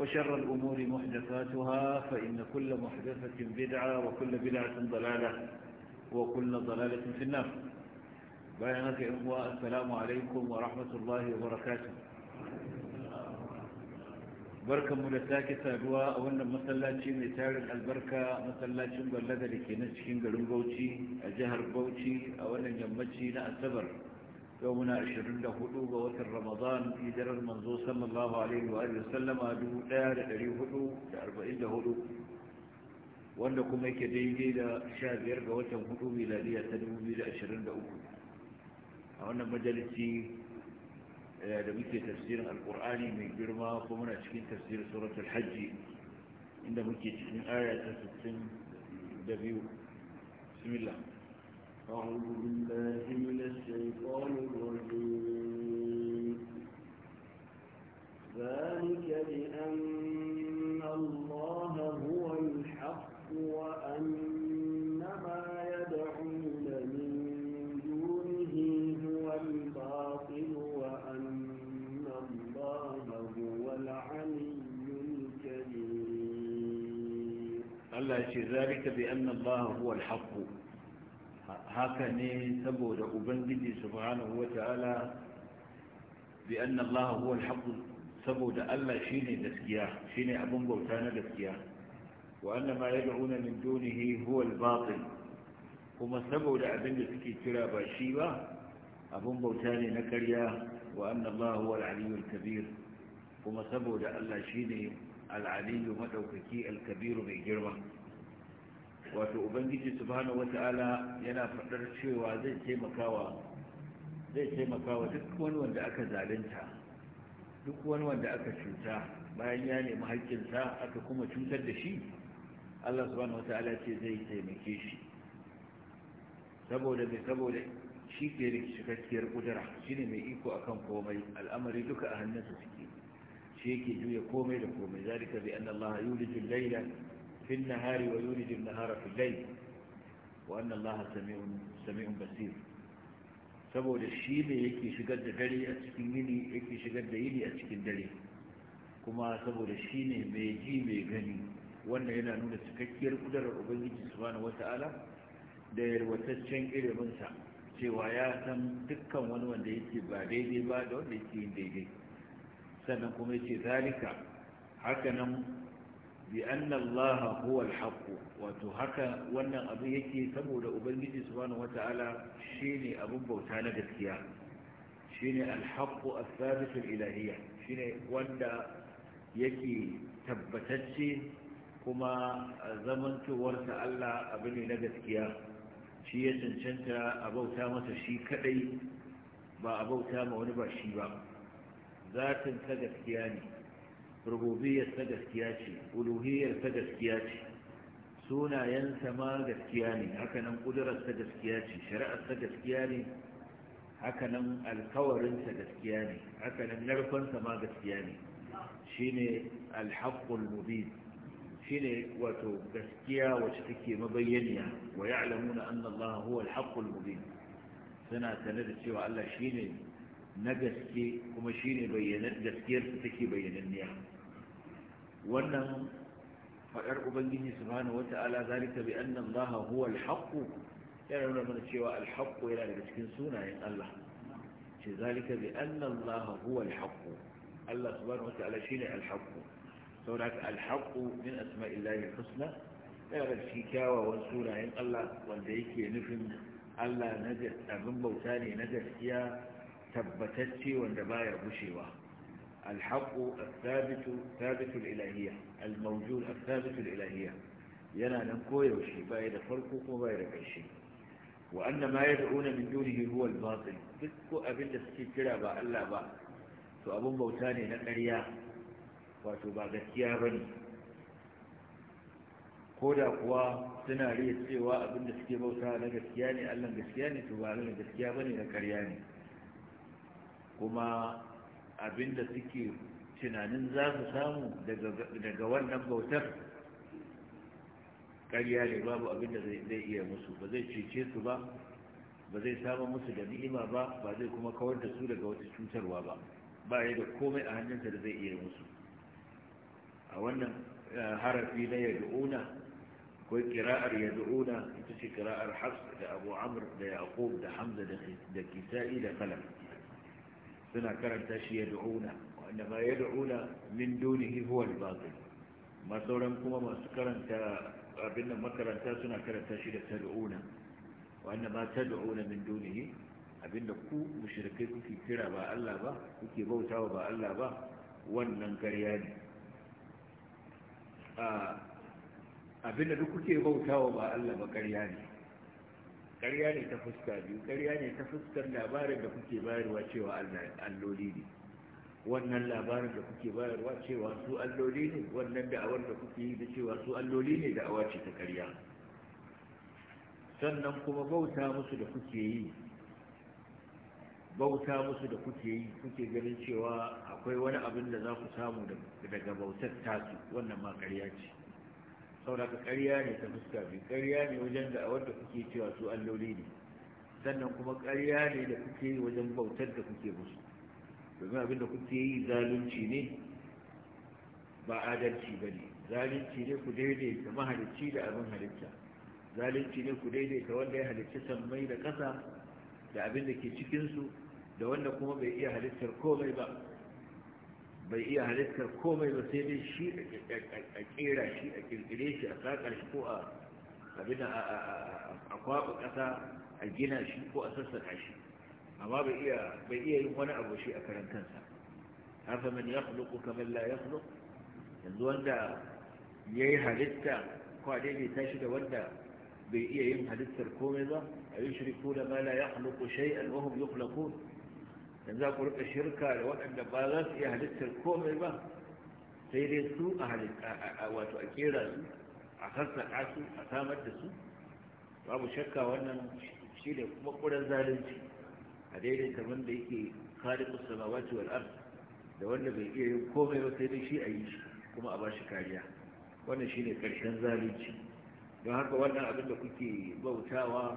وشر الأمور محدثاتها فإن كل محدثة بدعة وكل بدعة ضلالة وكل ضلالة في النار بيانك إخوة السلام عليكم ورحمة الله وبركاته بركة ملتاك سادوا أولا مسلاتي نتارك البركة مسلاتي مبلغة لكي نسكين قلن بوتي أجهر بوتي أولا يمتي نأسبر yau muna لهدو ووتر رمضان في در المنزو صلى الله عليه وآله وسلم wanda kuma yake daidai da sha biyar ga watan hudu miladiya ta dubu biyu da ashirin da uku a wannan majalisi eh, da muke tafsirin alkur'ani mai girma kuma muna cikin tafsirin suratul hajji inda muke cikin aya ta sittin bismillah أعوذ بالله من الشيطان الرجيم ذلك بأن الله هو الحق وأن ما يدعون من دونه هو الباطل وأن الله هو العلي ذلك بأن الله هو الحق haka ne saboda ubangiji subhanahu wata'ala bi anna Allah huwa al-haqq saboda Allah shine gaskiya shine abun bauta na gaskiya wa anna ma yad'una min dunihi huwa al kuma saboda abin da suke kira ba shi ba abun bauta ne na ƙarya wa anna Allah huwa al-aliyyu al-kabir kuma saboda Allah shine al-aliyyu madaukaki al-kabir mai girma wato ubangiji subhanahu wata'ala yana faɗar cewa zai taimakawa zai taimakawa duk wani wanda aka zalunta duk wani wanda aka cuta bayan ya nemi haƙƙinsa aka kuma cutar da shi Allah subhanahu wata'ala ce zai taimake shi saboda mai saboda shi ke da kudura shi ne mai iko akan komai al'amari duka a hannunsa suke shi yake juya komai da komai zalika bi anna yulijul في النهار ويولد النهار في الليل وأن الله سميع, سميع بصير saboda shi ne yake shigar da dare yini yake shigar da yini a cikin dare kuma saboda shi ne mai ji mai gani wanda yana nuna cikakkiyar kudurar ubangiji subhanahu wata'ala da yarwataccen iliminsa cewa ya san dukkan wani wanda yake ba daidai ba da wanda yake yin daidai sannan kuma yace zalika haka nan bi anna allaha huwa wato haka wannan abin yake saboda ubangiji subhanahu wata'ala shine abun bauta na gaskiya shine alhaq as-sabit al shine wanda yake tabbatacce kuma zamantowarsa Allah abu ne na gaskiya shi ya cancanta a bauta masa shi kadai ba a bauta ma wani ba ba zatin ta gaskiya ne rububiyar ta gaskiya ce uluhiyar ta gaskiya ce sunayensa ma gaskiya ne hakanan kudurar ta gaskiya ce shari'ar ta gaskiya ne hakanan alkawarinsa gaskiya ne hakanan narkonsa ma gaskiya ne shine alhaqqul mubin shine wato gaskiya wacce take mabayyaniya wa ya'lamuna anna Allah huwa alhaqqul mubin suna sanar da cewa Allah shine na gaske kuma shi ne gaskiyar su take bayyananniya wannan faɗar ubangiji subhanahu wata'ala zalika bi anna allaha huwa al-haqq yana nuna mana cewa al yana daga cikin sunayen Allah ce zalika bi anna allaha huwa al-haqq Allah subhanahu wata'ala shine al-haqq saboda al-haqq min asma'illahi al-husna yana daga cikin kyawawan sunayen Allah wanda yake nufin Allah na abin bauta ne na gaskiya tabbatacce wanda baya gushewa alhaƙo al-thabitul ilahiyya al yana nan koyaushe baya da farko ko baya da ƙarshe wa ma ya da'una min dunihi huwa al-batil duk ko suke kira ba Allah ba to abun bauta ne na ƙarya wato ba gaskiya ba ne ko da kuwa suna riya cewa abin da suke bauta na gaskiya ne Allah gaskiya ne to ba na gaskiya ba ne na ƙarya ne kuma abinda suke tunanin za su samu daga wannan bautar ƙarya ne babu abinda zai iya musu ba zai cece su ba ba zai samu musu da ni'ima ba ba zai kuma kawar da su daga wata cutarwa ba ba ya da komai a hannunsa da zai iya musu a wannan eh, harafi na yadu'una akwai kira'ar yadu'una ita ce kira'ar hafs da abu amur da yaqub da hamza da kisa'i da kalam suna karanta shi ya du'una wanda ba ya du'una min dunihi huwa al-batil masauran kuma masu karanta abin nan makaranta suna karanta shi da tad'una wanda ta tad'una min dunihi abinda ku mushrikai kuke kira ba Allah ba kuke bautawa ba Allah ba wannan ƙarya ne ah, abinda duk kuke bautawa ba Allah ba ƙarya ne ƙarya ne ta fuska biyu ƙarya ne ta fuskar labarin da kuke bayarwa cewa alloli ne wannan labarin da kuke bayarwa cewa su alloli ne wannan da'awar da kuke yi da cewa su alloli ne da'awa ce ta ƙarya sannan kuma bauta musu da kuke yi bauta musu da kuke yi kuke ganin cewa akwai wani abin da za ku samu daga bautar tasu wannan ma ƙarya ce saboda ƙarya ne ta fuska bi ƙarya ne wajen da a wanda kuke cewa su alloli ne sannan kuma ƙarya ne da kuke yi wajen bautar da kuke musu domin abin da kuke yi zalunci ne ba adalci ba ne zalunci ne ku daidaita mahalicci da abin halitta zalunci ne ku daidaita wanda ya halicci sammai da ƙasa da abin da ke cikinsu da wanda kuma bai iya halittar komai ba bai iya halittar komai ba sai dai shi a kera shi a kirkire shi a sakar shi ko a abin a kwaɓa ƙasa a gina shi ko a sassaka shi amma bai iya yin wani abu shi a karantansa. kansa haka man ya ko kaman la yakhluq yanzu wanda yayi halitta ko dai bai tashi da wanda bai iya yin halittar komai ba a yushriku da ma la yakhluqu shay'an wa hum yukhlaqun yanzu za ku rika shirka da waɗanda ba za su iya halittar komai ba sai dai su a wato a kera su a sassaƙa su a samar da su babu shakka wannan shi ne kuma ƙudan zalunci a daidai kamar da yake khaliqus samawati wal wal'ar da wanda bai iya yin komai ba sai dai shi a yi kuma a ba shi kariya wannan shi ne karshen zalunci don haka wannan abin da kuke bautawa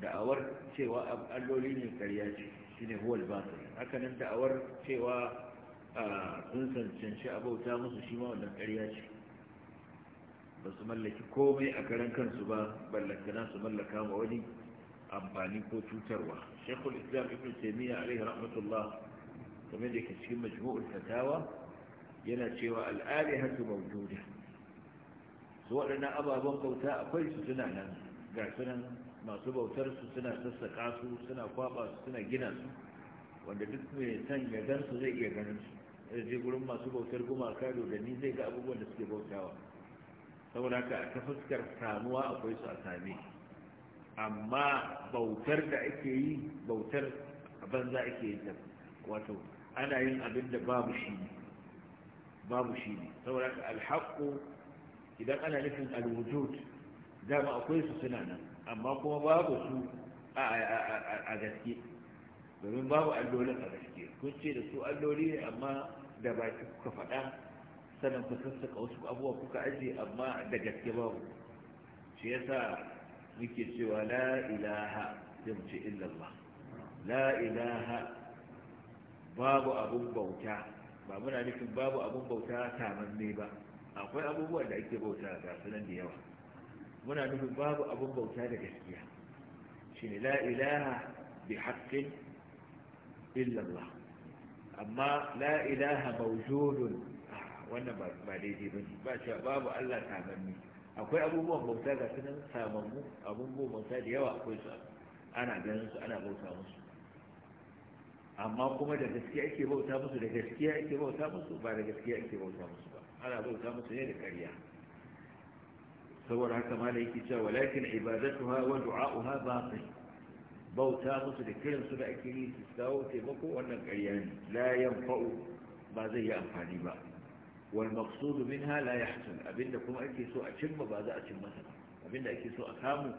da'awar cewa alloli ne karya ce shine huwal da'awar cewa sun cancanci abauta musu shi ma wannan ƙarya ce ba su mallaki komai a karan kansu ba ballantana su mallaka ma wani amfani ko cutarwa shekul islam ibn taimiyya alaihi rahmatullah kamar da ke cikin majmu'ul fatawa yana cewa al'alihatu mawjuda su waɗannan ababen bauta akwai su suna nan ga sunan masu bautar su suna sassaka su suna kwaba su suna gina su wanda duk mai san ya gan su zai iya ganin su je gurin masu bautar gumaka da ni zai ga abubuwan da suke bautawa saboda ka ta fuskar samuwa akwai su a same amma bautar da ake yi bautar a banza ake yi wato ana yin abin da babu shi ne babu shi ne saboda ka alhaƙo idan ana nufin alwujud dama akwai su suna nan amma kuma babu su a gaske domin babu allolin a gaske kun ce da su alloli ne amma da baki kuka faɗa sannan ku sassaka wasu abubuwa kuka ajiye amma da gaske babu shi yasa muke cewa la ilaha sai mu ce illallah la ilaha babu abun bauta ba muna nufin babu abun bauta samanne ba akwai abubuwan da ake bauta ga sunan da yawa muna nufin babu abin bauta da gaskiya shi ne la ilaha bi haƙƙin illallah amma la ilaha mawjudun ah, wannan ba daidai bane ba cewa babu Allah samanni akwai abubuwan bauta ga sunan samanmu abubuwan bauta da yawa akwai su ana ganin su ana bauta musu amma kuma da gaskiya ake bauta musu da gaskiya ake bauta musu ba da gaskiya ake bauta musu ba ana bauta musu ne da ƙarya saboda haka mala yake cewa walakin ibadatuha wa du'a'uha batil bauta musu da kiran su da ake yi su kawo taimako wannan ƙarya ne la yanfa'u ba zai yi amfani ba wal maqsud minha la yahsul abinda kuma ake so a cimma ba za a cimma ba abinda ake so a samu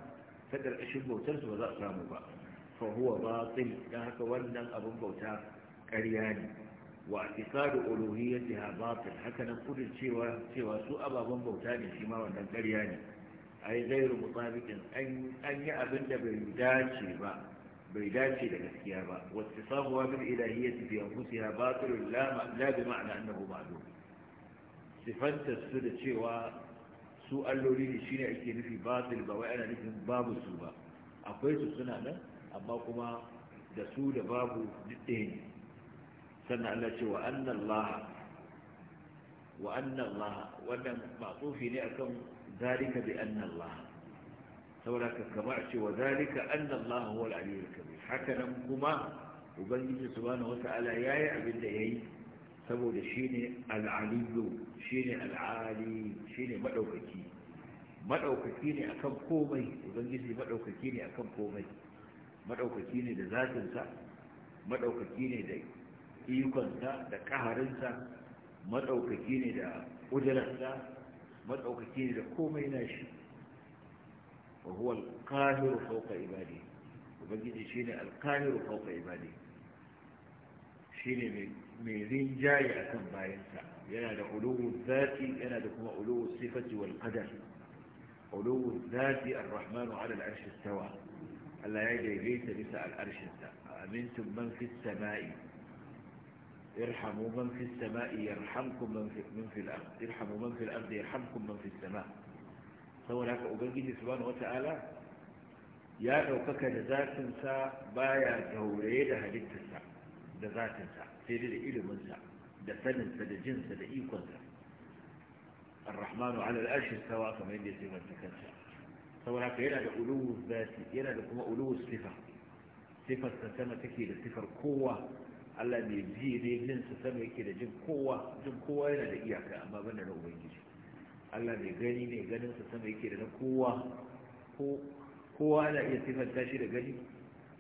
ta ƙarƙashin bautar su ba za a samu ba fa huwa batil dan haka wannan abin bauta ƙarya ne wa atiqadu uluhiyyatiha batil haka nan kudin cewa su ababen bauta ne shi ma wannan ƙarya ne yi gairu mutabiqin an yi abin da bai dace ba bai dace da gaskiya ba wattisamu wa bil ilahiyyati fi anfusiha batil ya la bi ma'na annahu ma'lum sifanta su da cewa su alloli ne shine ake nufi batil ba wai ana nufin babu su ba akwai su suna nan amma kuma da su da babu duk ɗaya ne sannan Allah ce wa annan laha wa annan laha wannan matsufi ne akan zalika bi annan laha saboda ka kama ce wa zalika annan laha wa al'aliyar kabir haka nan kuma ubangiji subhanahu ala ya yi abin da ya yi saboda shi ne al'aliyu shi ne al'ali shi ne maɗaukaki maɗaukaki ne akan komai ubangiji maɗaukaki ne akan komai maɗaukaki ne da zatinsa maɗaukaki ne da ikonsa da ƙaharinsa maɗaukaki ne da ƙudurarsa maɗaukaki ne da komai na shi wa huwa alƙahiru fauka ibadi ubangiji shi ne alƙahiru fauka ibadi shi ne mai rinjaye a kan bayansa yana da uluwu zafi yana da kuma uluwu sifati wal qadar uluwu zafi ar-rahmanu ala al-arsh Allah ya daidaita bisa al-arshinsa amintum man fi samai irhamu man fi sama'i yarhamkum man fi man fil ard irhamu ya daukaka da zatin baya gauraye da halittarsa da zatin sa sai da ilimin da sanin da الرحمن على الأرش استوى كما يجي من تكنسى saboda yana da uluwus zati yana da kuma uluwus sifa sifar ta sama take da sifar kowa Allah mai biye da jin sa sama yake da jin kowa jin kowa yana da iyaka amma banda na ubangiji Allah mai gani ne ganin sama yake da na kowa ko kowa na iya sifanta shi da gani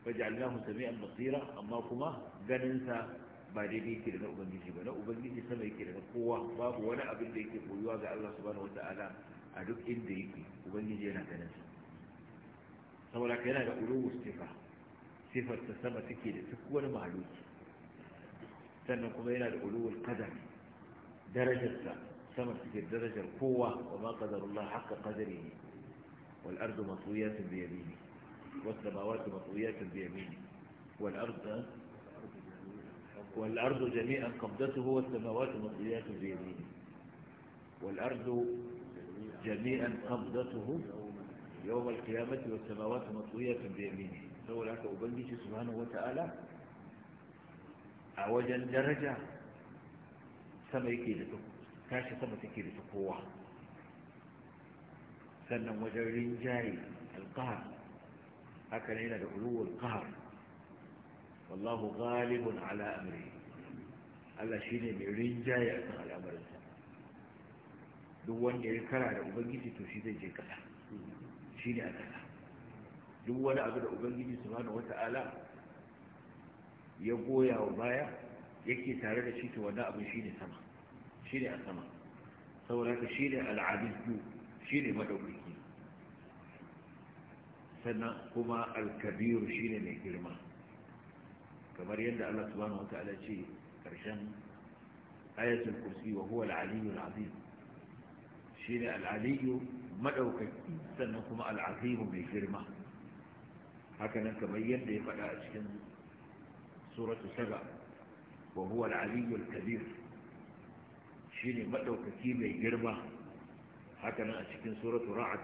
waja'alnahu sami'an basira amma kuma ganin sa ba daidai yake da na ubangiji ba na ubangiji sama yake da na kowa babu wani abin da yake koyuwa ga Allah subhanahu wata'ala a duk inda yake ubangiji yana ganin sa saboda ka yana da ulubu sifa sifar ta sama take da duk wani mahaluki sannan kuma yana da ulul qadar darajarsa sama take darajar kowa wa ma qadarullah haqqa qadarihi wal ardu matwiyatun bi yamini was samawati matwiyatun bi yamini wal ardu والأرض جميعا قبضته والسماوات مطويات بيمينه والأرض جميعا قبضته يوم القيامة والسماوات مطوية بيمينه سوى لك أبنجي سبحانه وتعالى a wajen daraja sama yake da tashi sama take da kowa sannan wajen rinjaye alkahar haka ne yana da uluwar kahar wallahu ghalibun ala amri Allah shi ne mai rinjaye a kan al'amarinsa duk wanda ya kara da ubangiji to shi zai je kasa shi ne a kasa duk wani abu da ubangiji subhanahu wata'ala ya goya wa baya yake tare da shi ta wannan abin shine sama shine a sama saboda haka shine shi ne madaukaki sannan kuma alkabiru shi ne mai girma kamar yadda Allah subhanahu wataala ce karshen ayatul kursi wa huwa Al'aliyu aliyyu al-azim shine al-aliyyu madaukaki sannan kuma al mai girma haka nan kamar yadda ya faɗa a cikin سورة سبع وهو العلي الكبير شيني مدو كتيبة جرمة هكذا أشكين سورة رعد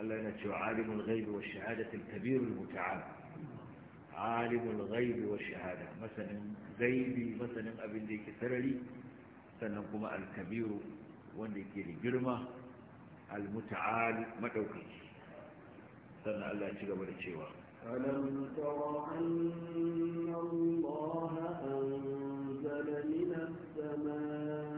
ألا نتشو عالم الغيب والشهادة الكبير المتعال عالم الغيب والشهادة مثلا غيبي مثلا أبن ديك سرلي سننكم الكبير وانديك جرمة المتعال مدو كتيبة سنة ألا تشغب لتشيوه ألم تر أن الله أنزل من السماء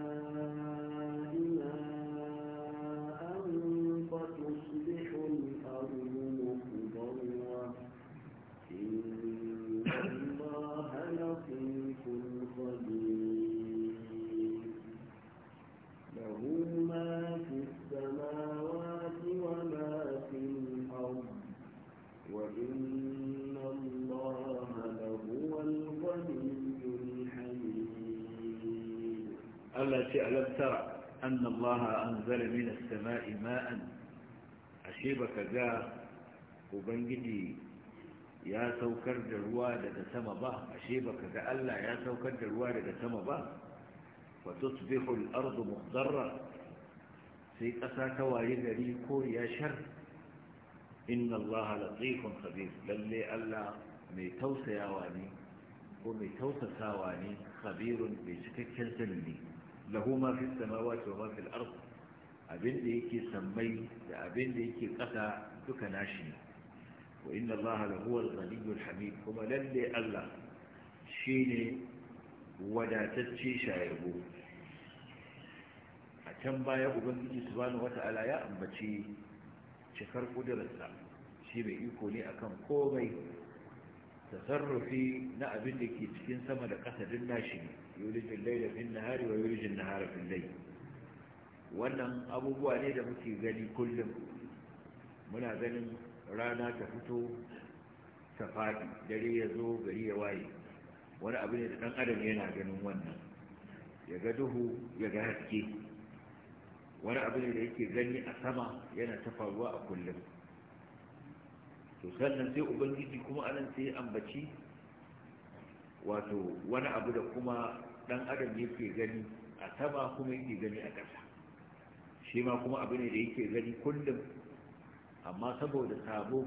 ashe baka ga ubangiji ya saukar da ruwa daga sama ba ashe baka ga Allah ya saukar da ruwa daga sama ba fa tusbihu al-ardu mukhdarra sai ƙasa ta waye gari ko ya shar inna Allah latifun khabir lalle Allah mai tausayawa ne ko mai tausasawa ne khabirun bai cikakken sani ne lahu ma fi samawati wa ma fil ardh abin da yake sammai da abin da yake ƙasa duka nashi ne wa inna allaha lahuwal ghaniyyul hamid kuma lalle Allah shine wadatacce shayago a can baya ubangiji subhanahu wata'ala ya ambaci cikar kudurarsa shi mai iko ne akan komai tasarrufi na abin da ke cikin sama da ƙasa din nashi yulijin laila fin nahari wa yulijin nahara fin wannan abubuwa ne da muke gani kullum muna ganin rana ta fito ta faɗi dare ya zo gari ya waye wani abu ne da ɗan adam yana ganin wannan ya ga duhu ya ga haske wani abu ne da yake gani a sama yana ta faruwa a kullum to sannan sai ubangiji kuma anan sai ya ambaci wato wani abu da kuma ɗan adam yake gani a sama kuma yake gani a ƙasa shi ma kuma abu ne da yake gani kullum amma saboda sabo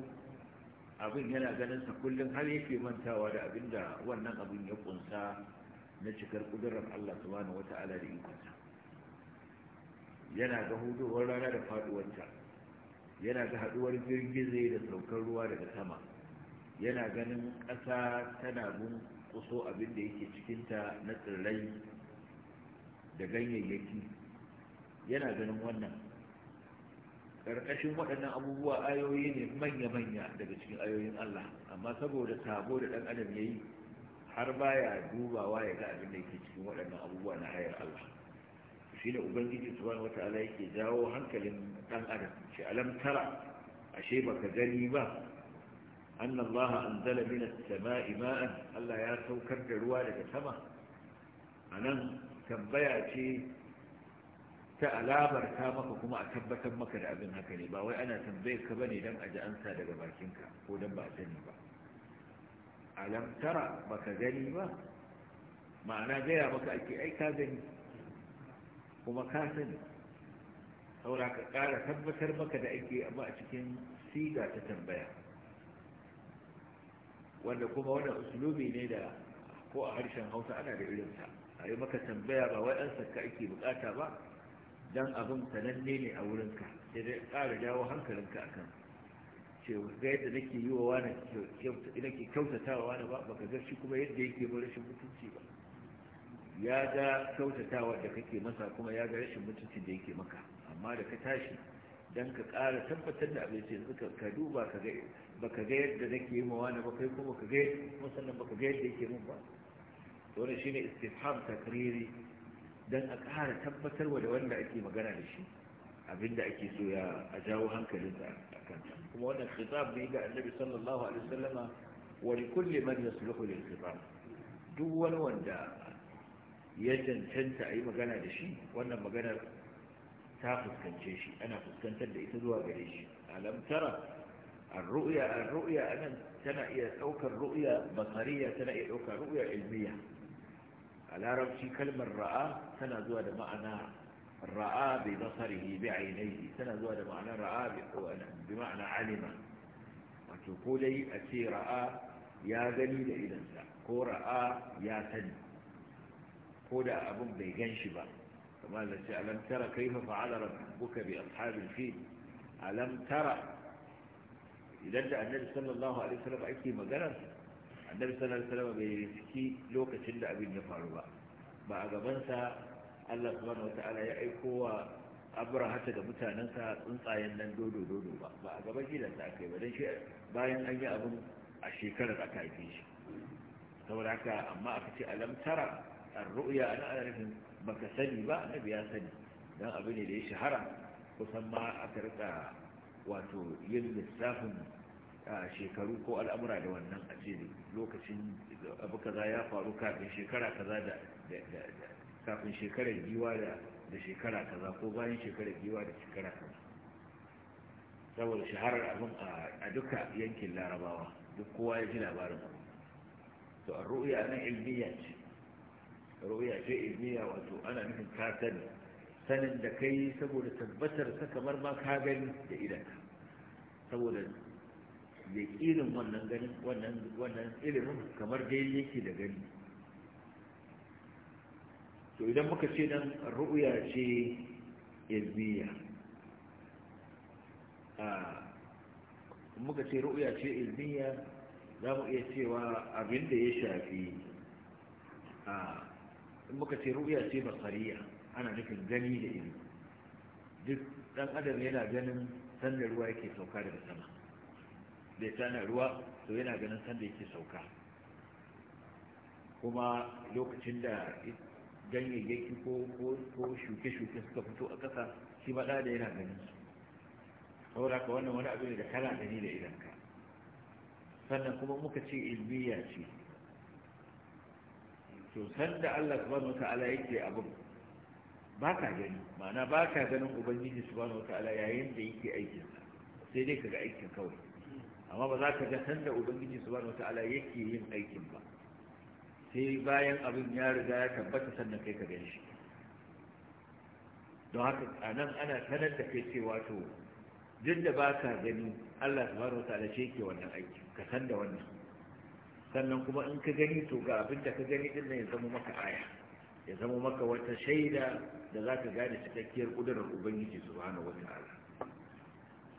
abin yana ganin sa kullum har yake mantawa da abin da wannan abin ya kunsa na cikar kudurar Allah subhanahu wata'ala da ikonsa yana ga huduwar rana da faduwarta yana ga haduwar girgize da saukar ruwa daga sama yana ganin ƙasa tana gun kuso abin da yake cikin ta na tsirrai da ganyayyaki yana ganin wannan ƙarƙashin waɗannan abubuwa ayoyi ne manya-manya daga cikin ayoyin Allah amma saboda sabo da ɗan adam ya yi har baya dubawa ya ga abin da yake cikin waɗannan abubuwa na hayar Allah shi da ubangiji wata ala yake jawo hankalin ɗan adam shi alam tara ba ka gani ba zala mina sama ima'an. Allah ya saukar da ruwa daga sama. A nan tambaya ce. ta alamar ta maka kuma a tabbatar maka da abin haka ne ba wai ana tambayar ka bane dan aji ansa daga bakinka ko dan ba sani ba alam tara baka gani ba ma'ana gaya maka ake ai ka gani kuma ka sani saura ka ƙara tabbatar maka da ake amma a cikin siga ta tambaya wanda kuma wannan usulubi ne da ko a harshen hausa ana da irinsa a yi maka tambaya ba wai an saka ake bukata ba dan abin sananne ne a wurinka sai dai ƙara dawo hankalinka a kan ce ga yadda nake yi wa wani nake kyautata wa wani ba baka ga shi kuma yadda yake ba rashin mutunci ba ya ga kyautatawa da kake masa kuma ya ga rashin mutunci da yake maka amma da ka tashi dan ka ƙara tabbatar da abin sai suka ka duba ka ga baka ga yadda nake yi wa wani ba kai kuma ka ga kuma baka ga yadda yake mun ba wannan shine istifham takriri don a tabbatar tabbatarwa da wanda ake magana da shi abinda ake so ya a jawo hankalinsa a kanta kuma wannan khitab ne ga annabi sallallahu alaihi wasallama wa li kulli man yasluhu lil khitab duk wani wanda ya cancanta a yi magana da shi wannan maganar ta fuskance shi ana fuskantar da ita zuwa gare shi alam tara الرؤيا ruya anan tana iya أوكر ruya بصرية tana iya أوكر ruya ilmiya. a larabci kalmar ra'a tana zuwa da ma'ana ra'a bi basarihi bi ainihi tana zuwa da ma'ana ra'a bi ma'ana alima wato ko dai a ce ra'a ya gani da idansa ko ra'a ya sani ko da abin bai gan shi ba kamar da ce alam tara kaifa fa'ala rabbuka bi ashabil fil alam tara idan da annabi sallallahu alaihi wasallam ake maganar annabi sallallahu alaihi wasallam bai riski lokacin da abin ya faru ba ba a gabansa Allah subhanahu wataala ya aiko wa ga mutanen sa tsuntsayen nan dodo dodo ba ba a gaban gidansa akai ba dan shi bayan an yi abin a shekarar aka yi shi saboda haka amma aka ce alam tara ar-ru'ya ana arifin baka sani ba annabi ya sani dan abin da ya shahara kusan ma aka rika wato yin lissafin shekaru ko al'amura da wannan a ce lokacin abu kaza ya faru kafin shekara kaza da kafin shekarar giwa da shekara kaza ko bayan shekarar giwa da shekara kaza saboda shaharar abin a duka yankin larabawa duk kowa ya ji labarin to a ru'ya nan ilmiya ce ru'ya ce ilmiya wato ana nufin ka sani sanin da kai saboda tabbatar sa kamar ma ka gani da idanka saboda yaƙinin wannan gani wannan ilimin kamar dai yake da gani to idan muka ce nan ru'uya ce ilmiya muka ce ru'uya ce ilmiya za mu iya cewa abin da ya shafi in muka ce ru'uya ce basariya ana nufin gani da ilimi duk ɗan adam yana ganin sanda ruwa yake sauka daga sama bai tana ruwa to yana ganin sanda yake sauka kuma lokacin da ganyayyaki ko shuke-shuke suka fito a ƙasa shi maɗa da yana ganin su saboda ka wannan wani abu ne da kana gani da idanka sannan kuma muka ce ilmiya ce to sanda Allah subhanahu ta'ala yake abin ba ka gani ma'ana ba ka ganin ubangiji subhanahu ta'ala yayin da yake aikinsa sai dai ka ga aikin kawai amma ba za ka ga sanda ubangiji subhanahu wata'ala yake yin aikin ba sai bayan abin ya riga ya tabbata sannan kai ka gani shi don haka a nan ana sanar da kai cewa to duk da ba ka gani Allah subhanahu wata'ala shi yake wannan aiki ka san da wannan sannan kuma in ka gani to ga abin da ka gani din ya zama maka aya ya zama maka wata shaida da za ka gane cikakkiyar kudurar ubangiji subhanahu ta'ala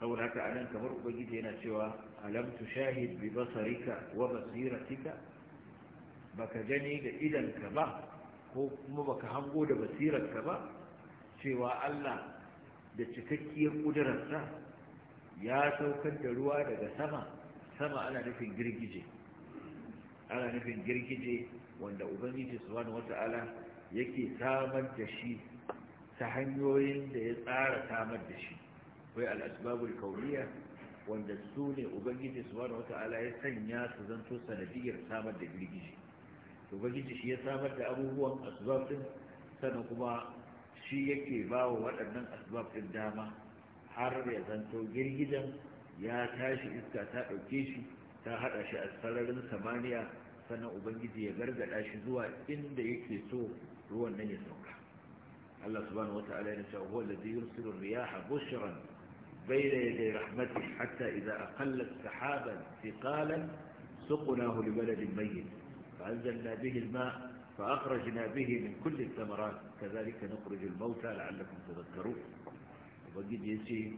saboda haka nan kamar ubangiji yana cewa alam tushahid bi basarika wa basiratika baka gani da ka ba ko kuma baka hango da basirarka ba cewa Allah da cikakkiyar ƙudurarsa ya saukar da ruwa daga sama sama ana nufin girgije ana nufin girgije wanda ubangiji subhanahu wata'ala yake samar da shi ta hanyoyin da ya tsara samar da shi akwai al'asbabul kauniya wanda su ne ubangiji subhanahu wata'ala ya sanya su zanto sanadiyar samar da girgiji ubangiji shi ya samar da abubuwan asbab din sannan kuma shi yake ba wa waɗannan asbab din dama har ya zanto girgijan ya tashi iska ta ɗauke shi ta haɗa shi a sararin samaniya sannan ubangiji ya gargada shi zuwa inda yake so ruwan nan ya sauka Allah subhanahu wata'ala ya ce huwa alladhi yursilu riyaha bushran بين يدي رحمته حتى إذا أقلت سحابا ثقالا سقناه لبلد ميت فأنزلنا به الماء فأخرجنا به من كل الثمرات كذلك نخرج الموتى لعلكم تذكرون وقد يسير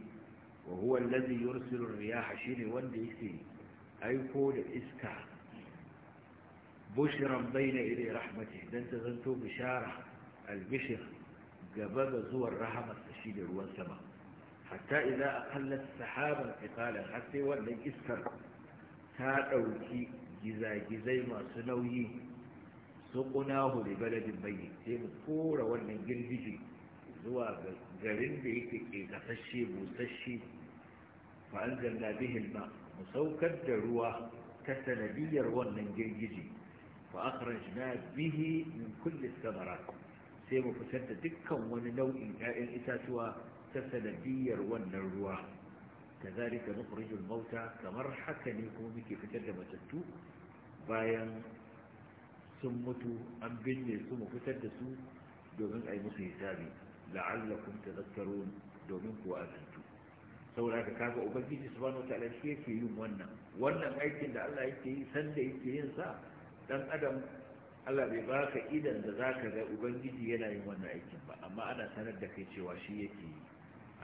وهو الذي يرسل الرياح شيني وانديسي أيقول إسكا بشرا بين إلي رحمته دان ذنتو بشارة البشر قبب زور رحمة شيني الوان سماء hatta idan akallar sahaban fitalar har sai wannan iskar ta ɗauki gizagizai masu nauyi su ƙunahu da baladin bayi sai mu kora wannan girgije zuwa garin da yake ƙeƙasashe busasshe fa'anzar na bihin ma mu saukar da ruwa ta sanadiyar wannan girgije fa'akarar na bihi min kulle samara sai mu fitar da dukkan wani nau'in 'ya'yan itatuwa ta sanadiyar wannan ruwa ka zalika nukhrijul mauta kamar haka ne kuma muke fitar da matattu bayan sun mutu an binne su mu fitar da su domin a yi musu hisabi ta tadhakkarun domin ku azantu saboda ka kaga ubangiji bani wataala shi yake yin wannan wannan aikin da Allah yake yi sanda yake yin sa dan adam Allah bai baka idan da zaka ga ubangiji yana yin wannan aikin ba amma ana sanar da kai cewa shi yake yi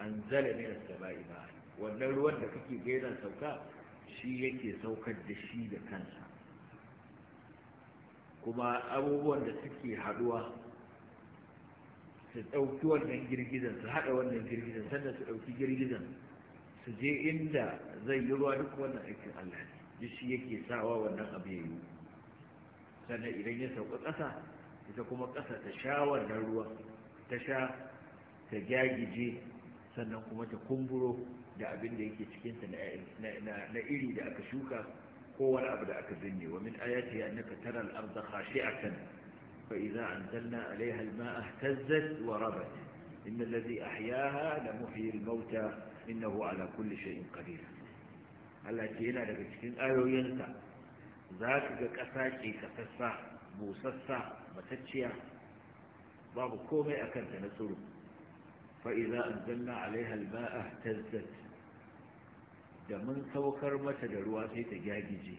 an zala ne da samai ba wannan ruwan da kake gairan sauka shi yake saukar da shi da kansa kuma abubuwan da suke haduwa su ɗauki wannan girgizan su haɗa wannan girgizan sannan su ɗauki girgizan su je inda zai yi ruwa duk wannan aikin Allah ne shi yake sawa wannan abu ya yi sannan idan ya sauka kasa ita kuma ƙasa ta sha wannan ruwan ta sha ta gyagije sannan kuma ta kumburo da abin da yake cikinta na iri da aka shuka ko wani abu da aka binne wa min ayati annaka tara al-ardha khashi'atan fa idza anzalna 'alayha al-ma'a ihtazzat wa rabat inna alladhi ahyaaha la muhyi al-mauta innahu 'ala kulli shay'in qadir Allah ce yana daga cikin ayoyinsa za ka ga ƙasa ce kasassa busassa matacciya babu komai akan ta na tsoro فإذا أنزلنا عليها الماء اهتزت دمن سوكر متى دروا سيتا جاجي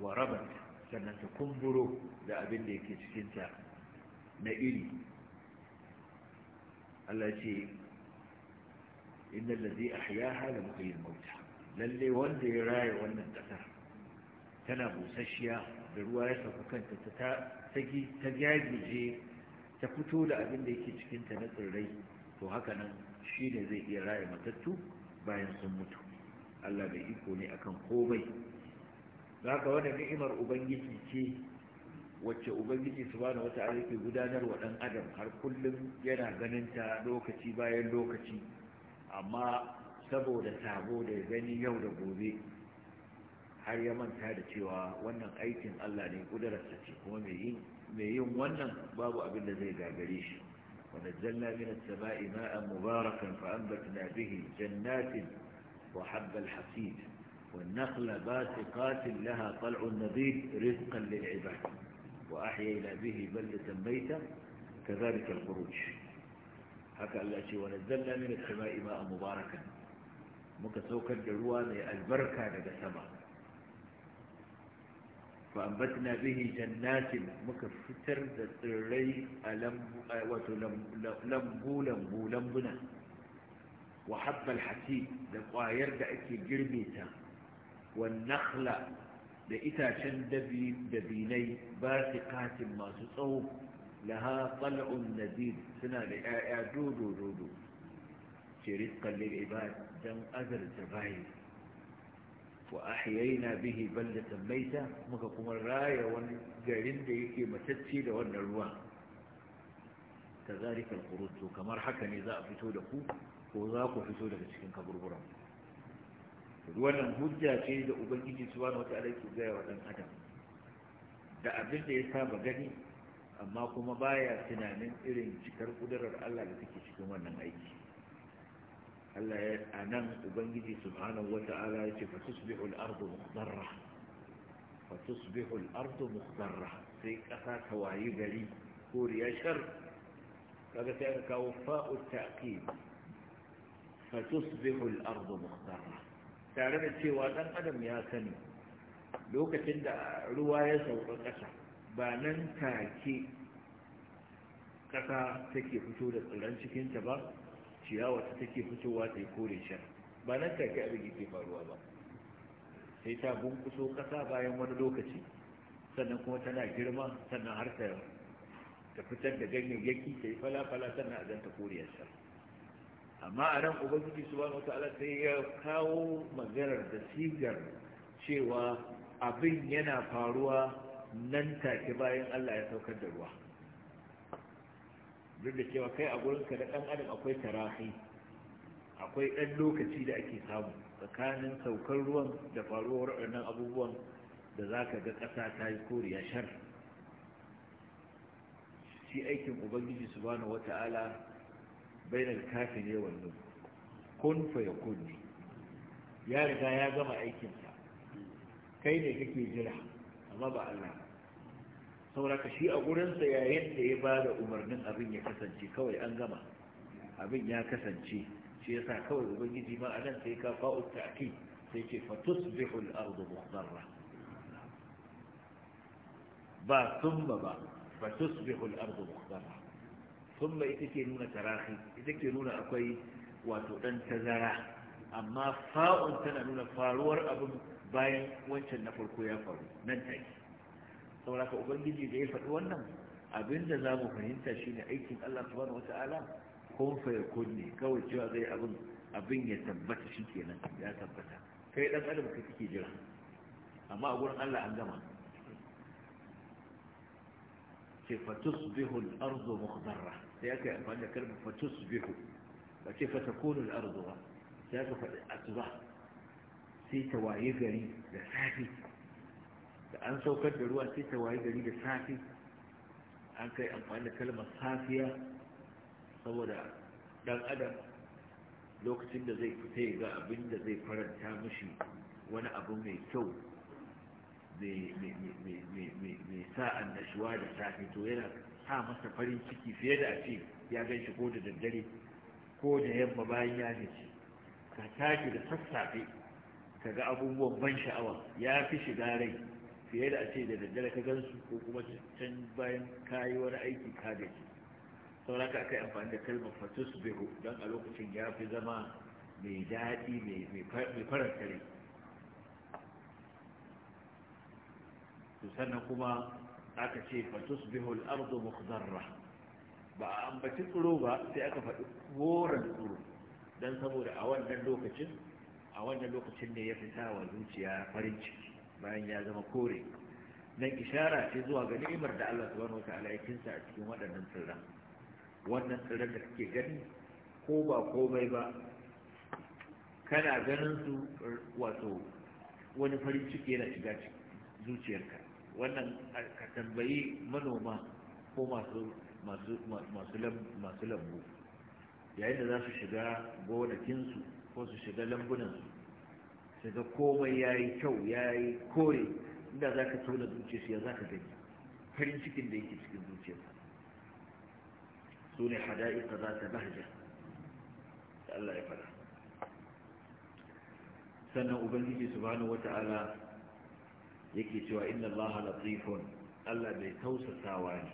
وربت سنتكمبرو لأبن دي كتكتا نئلي التي إن الذي أحياها لمقي الموتى للي وان دي راي وان انتكر تنبو سشيا دروا سوكر متى ta fito da abin da yake cikinta na tsirrai to haka nan shi ne zai iya raya matattu bayan sun mutu Allah bai iko ne akan komai za ka wani ni'imar ubangiji ce wacce ubangiji su bani wata aiki gudanar wa ɗan adam har kullum yana ganin ta lokaci bayan lokaci amma saboda sabo da gani yau da gobe har ya manta da cewa wannan aikin Allah ne ƙudurarsa ce kuma mai yin mai yin wannan babu abin da zai gagare shi ونزلنا من السماء ماء مباركا فأنبتنا به جنات وحب الحصيد والنخل باسقات لها طلع نضيد رزقا للعباد وأحيينا به بلدة ميتة كذلك الخروج هكا التي ونزلنا من السماء ماء مباركا مكسوكا جروا من البركة لدى سماء fa'abbatna bihi jannatin muka fitar da tsirrai a lambu-lambu lambuna wa da kwayar da ake girbe ta wa nakhla da itacen dabinai basi katin masu tsawo laha tsal'un nadir suna da ya'ya dodo-dodo ce rizkan lil'ibad don azar da bayan wa ahyayna bihi baldatan mayta muka kuma raya wani garin da yake matacce da wannan ruwa ta zarika al kamar haka ne za a fito da ku ko za ku fito daga cikin kaburburan ruwan nan hujja ce da ubangiji subhanahu wa ta'ala ke gaya wa dan adam da abinda ya saba gani amma kuma baya tunanin irin cikar kudurar Allah da take cikin wannan aiki Allah ya a nan ubangiji subhanahu wata'ala ya ce fatusbihu al-ardu mukhdarra fatusbihu al-ardu mukhdarra sai kasa ta wayi gari ko riyashar kaga sai aka kawo fa'u ta'qib fatusbihu al-ardu mukhdarra tare da cewa dan adam ya sani lokacin da ruwa ya sauka kasa ba nan take kasa take fito da tsiran cikinta ba ciyawa ta take fitowa ta yi kore shan ba nan take abin yake faruwa ba sai ta bunkuso kasa bayan wani lokaci sannan kuma tana girma sannan har ta ta fitar da ganyayyaki ta yi fala-fala sannan a kore ya shan amma a nan ubangiji su ba bani wata sai ya kawo maganar da sigar cewa abin yana faruwa nan take bayan allah ya saukar da ruwa duk da cewa kai a gurinka da ɗan adam akwai tarahi akwai ɗan lokaci da ake samu tsakanin saukar ruwan da faruwar waɗannan abubuwan da za ka ga ƙasa ta yi koriya shar shi aikin ubangiji subhanahu wata'ala bainar kafin ne wannan kun fa ya kunni ya riga ya gama aikinsa kai ne kake jira amma ba Allah sauraka shi a gurinsa yayin da ya ba da umarnin abin ya kasance kawai an gama abin ya kasance shi ya sa kawai ubangiji ma anan sai ka fa'u ta'ki sai ce fa tusbihu al-ardu muhbarra. ba thumma ba fa tusbihu al-ardu mukhdarra thumma ita ke nuna tarahi ita ke nuna akwai wato ɗan tazara amma fa'un tana nuna faruwar abin bayan wancan na farko ya faru nan take sauraka ubangiji da ya faɗi wannan abinda za mu fahimta shine aikin Allah subhanahu wata'ala kun fa yakun ne kawai cewa zai abin abin ya tabbata shikenan ya tabbata kai dan adam ka kike jira amma a gurin Allah an gama ce fatusbihu al-ardu mukhdarra sai aka amfani da kalmar fatusbihu ba ce fatakunu al-ardu ba sai aka faɗi asbah sai ta waye gari da safi da an saukar da ruwa sai ta waye gari da safi an kai amfani da kalmar safiya saboda dan adam lokacin da zai fita ga abin da zai faranta mashi wani abu mai kyau mai sa annashuwa da safe to yana sa masa farin ciki fiye da a ce ya gan shi ko da daddare ko da yamma bayan ya gaci ka tashi da sassafe ka ga abubuwan ban sha'awa ya fi shiga rai fiye da a ce da daddare ka gansu ko kuma can bayan kayi wani aiki ka gaji aka yi amfani da kalmar fatus bihu don a lokacin ya fi zama mai daɗi mai faranta su sannan kuma aka ce fatus bihu al'ardu mukhdarra ba a ambaci tsoro ba sai aka faɗi horon tsoro don saboda a wannan lokacin a wannan lokacin ne ya fi sa wa zuciya farin ciki bayan ya zama kore nan ishara ce zuwa ga ni'imar da Allah subhanahu wataala ya kinsa a cikin waɗannan tsirran wannan tsirran da kake gani ko ba komai ba kana ganin su wato wani farin ciki yana shiga zuciyarka wannan ka tambayi manoma ko masu masu lambu yayin da za su shiga gonakinsu ko su shiga lambunansu ta ga komai ya yi kyau ya yi kore inda za ka tona zuciyarsu ya za ka gani farin cikin da yake cikin zuciyarsa su ne hada'ika za ta lahja da Allah ya fada sannan ubangiji subhanahu wata'ala yake cewa inna Allah latifun Allah mai tausasawa ne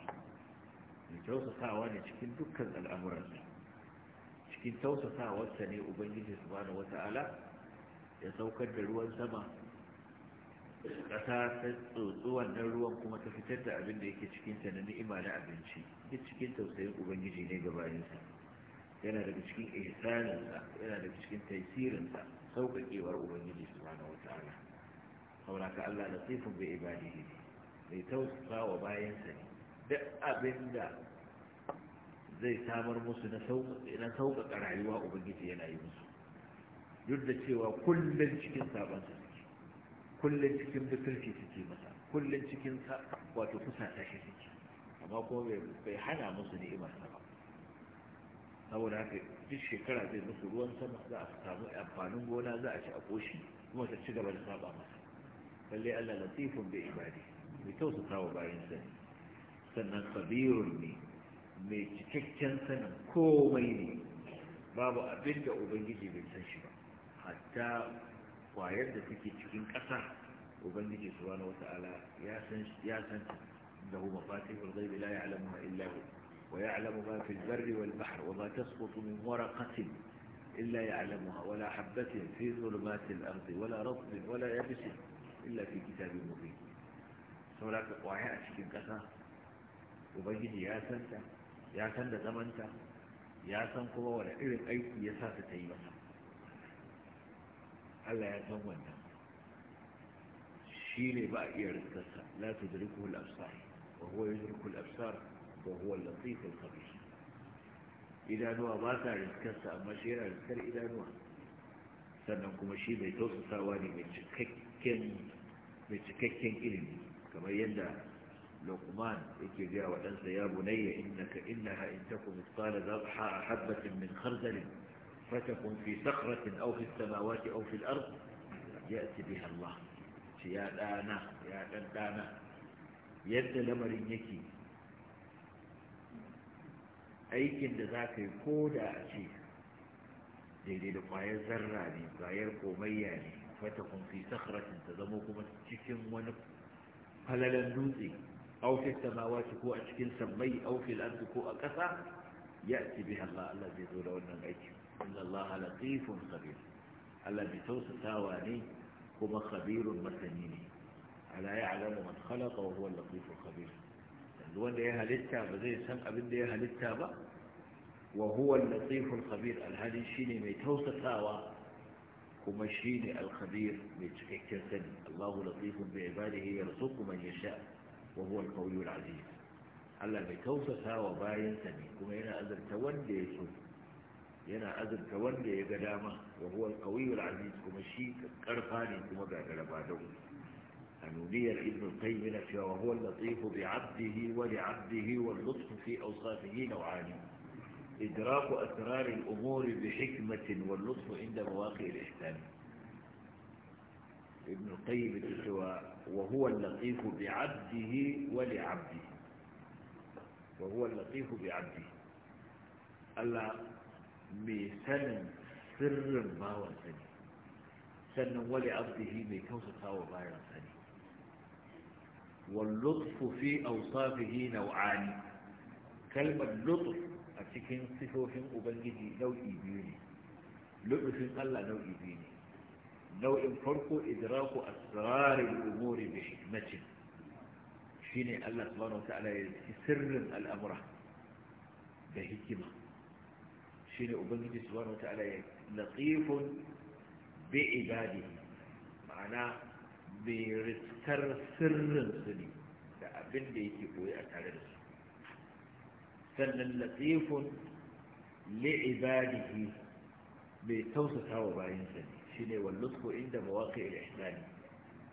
mai tausasawa ne cikin dukkan al'amuransa cikin tausasawarsa ne ubangiji subhanahu wata'ala ya saukar da ruwan sama ƙasa ta tsotsi wannan ruwan kuma ta fitar da abin da yake cikinta na ni'ima na abinci duk cikin tausayin ubangiji ne ga bayansa yana daga cikin ihsaninsa yana daga cikin tasirinsa sauƙaƙewar ubangiji su subhanahu wataala saboda ka Allah latifun bi ibadihi mai tausa wa bayansa ne duk abin da zai samar musu na sauƙaƙa rayuwa ubangiji yana yi musu duk da cewa kullum cikin saban su suke kullum cikin bitirki suke masa kullum cikin wato ta shi suke amma kuma bai hana musu ni sa ba saboda haka duk shekara zai musu ruwan sama za a samu amfanin gona za a ci a koshi kuma ta ci gaba da saba masa lallai Allah latifun bai ibadi mai su kawo bayan sani sannan sabirun ne mai cikakken sanin komai ne babu abin da ubangiji bai san shi ba hatta kwayar da take cikin ƙasa ubangiji subhanahu wata'ala ya san ya san da huwa fatihul ghaib la ya'lamuha illa hu wa ya'lamu ma fil barri wal bahr wa ma tasqutu min waraqatin illa ya'lamuha wa la إلا يعلمها ولا حبة في ظلمات الأرض ولا رطب ولا يبس إلا في كتاب مبين سولاك وعياء cikin ƙasa ubangiji ya san ta ya san da zamanta ya san kuma wani irin aiki ya sa ta yi masa Allah ya san wannan shi ne ba a iya rikarsa la tudriku al-absar wa huwa yudriku al-absar wa huwa al-latif al idanuwa ba sa riskarsa amma shi yana riskar idanuwa sannan kuma shi mai tausasawa ne mai cikakken ilimi kamar yadda لقمان يكي waɗansa, ya bunayya, بني إنك إنها إن تكن مثقال a حبة min خردل فتكن في صخرة أو في السماوات أو في الأرض يأتي بها الله يا دانا يا دانا يد لمرين يكي aikin da za ka yi ko da a ce daidai da kwayar zarra ne kwayar komayya ne fata kun fi sakhratin ta zamo kuma cikin wani falalan dutse aw fi samawati ko a cikin sammai aw ko a ƙasa ya Allah Allah zai zo da wannan aiki inna allaha latifun khabir Allah mai tausatawa ne kuma khabirun masani ne ala ya'lamu man khalaqa wa huwa latifun yanzu wanda ya halitta ba zai san abin da ya halitta ba wa huwa latifun khabir alhali shine mai tausatawa kuma shine alkhabir mai cikakken sani Allahu da bi ibadihi yarzuqu man yasha wa huwa alqawiyyu alaziz Allah mai tausasa wa bayansa ne kuma yana azurta wanda ya so yana azurta wanda ya ga dama wa huwa al aziz kuma shi karfa ne kuma ga da ابن القيم نفسه وهو اللطيف بعبده ولعبده واللطف في أوصافه نوعان إدراك أسرار الأمور بحكمة واللطف عند مواقع الإحسان ابن القيم نفسه وهو اللطيف بعبده ولعبده وهو اللطيف بعبده ألا ميسن سر باور ثاني سن ولي عبده ميكوس ثاور باور ثاني واللطف في أوصافه نوعان كلمة لطف أتكين صفوهم أبنجه لو إيبيني لطف قال لو إيبيني لو انفرقوا إدراك أسرار الأمور بحكمة فيني الله سبحانه وتعالى سر الأمر بحكمة ne ubangiji subhanahu wataala ya latifun bi ma'ana mai riskar sirrin su ne da abin da yake koyi a tare da su sannan latifun li mai tausasa wa bayansa ne shine wallutku inda mawaqi al-ihsani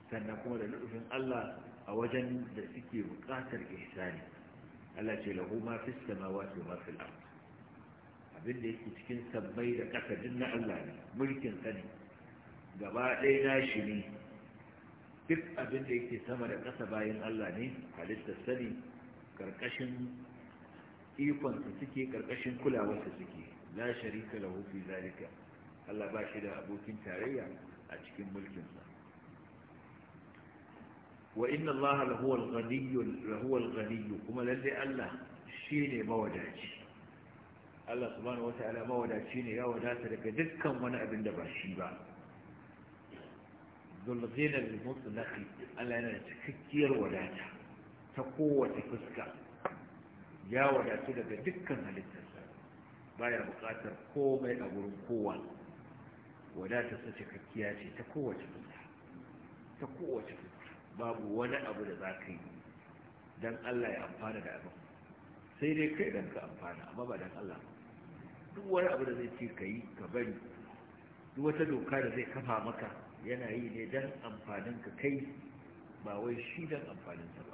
sannan kuma da nufin Allah a wajen da suke buƙatar ihsani Allah ce lahu ma fis samawati wa ma abin da yake cikin sabbai da ƙasa na Allah ne mulkin sa gaba ɗaya na shi ne duk abin da yake sama da ƙasa bayan Allah ne halittar sani ne karkashin ikon sa suke karkashin kulawar sa suke la sharika lahu fi zalika Allah ba shi da abokin tarayya a cikin mulkin sa wa inna Allah lahu al lahu al kuma lalle Allah shine mawadaci Allah subhanahu wata'ala mawadaci ne ya wadata daga dukkan wani abin da ba shi ba zulzina bil mutlaqi Allah yana da cikakkiyar wadata ta kowace fuska ya wadatu daga dukkan halittarsa ya buƙatar komai a gurin kowa wadatar sa cikakkiya ce ta kowace fuska ta kowace fuska babu wani abu da za ka yi don Allah ya amfana da abin sai dai kai don ka amfana amma ba don Allah ba duk wani abu da zai ce ka yi ka bari duk wata doka da zai kafa maka yana yi ne don amfanin ka kai ba wai shi don amfaninsa ba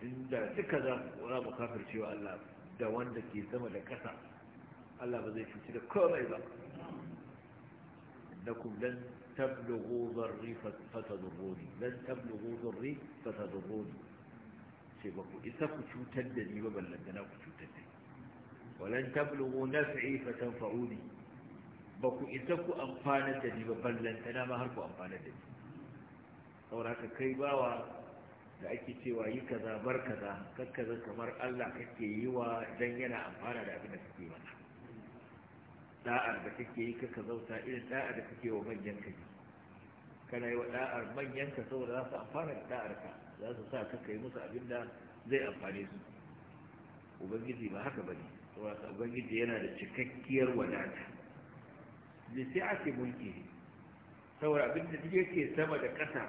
inda duka za mu kafir cewa Allah da wanda ke sama da ƙasa Allah ba zai cuci da komai ba innakum lan tablughu dharri fatadurruni lan tablughu dharri fatadurruni sai ba ku isa ku cutar da ni ba na ku cutar da ni. walan tablughu naf'i fa tanfa'uni ba ku isa ku amfanar da ni ba ballanta na ma har ku amfanar da ni saboda haka kai bawa da ake cewa yi kaza bar kaza kakkaza kamar Allah kake yi wa dan yana amfana da abin da kake mata da'ar da kake yi kaka zauta irin da'ar da kake wa manyan ka kana yi wa da'ar manyan saboda za su amfana da da'ar za su sa ka kai musu abin da zai amfane su ubangiji ba haka bane wata ubangiji yana da cikakkiyar wadata da sai ake mulki saboda abin da yake sama da ƙasa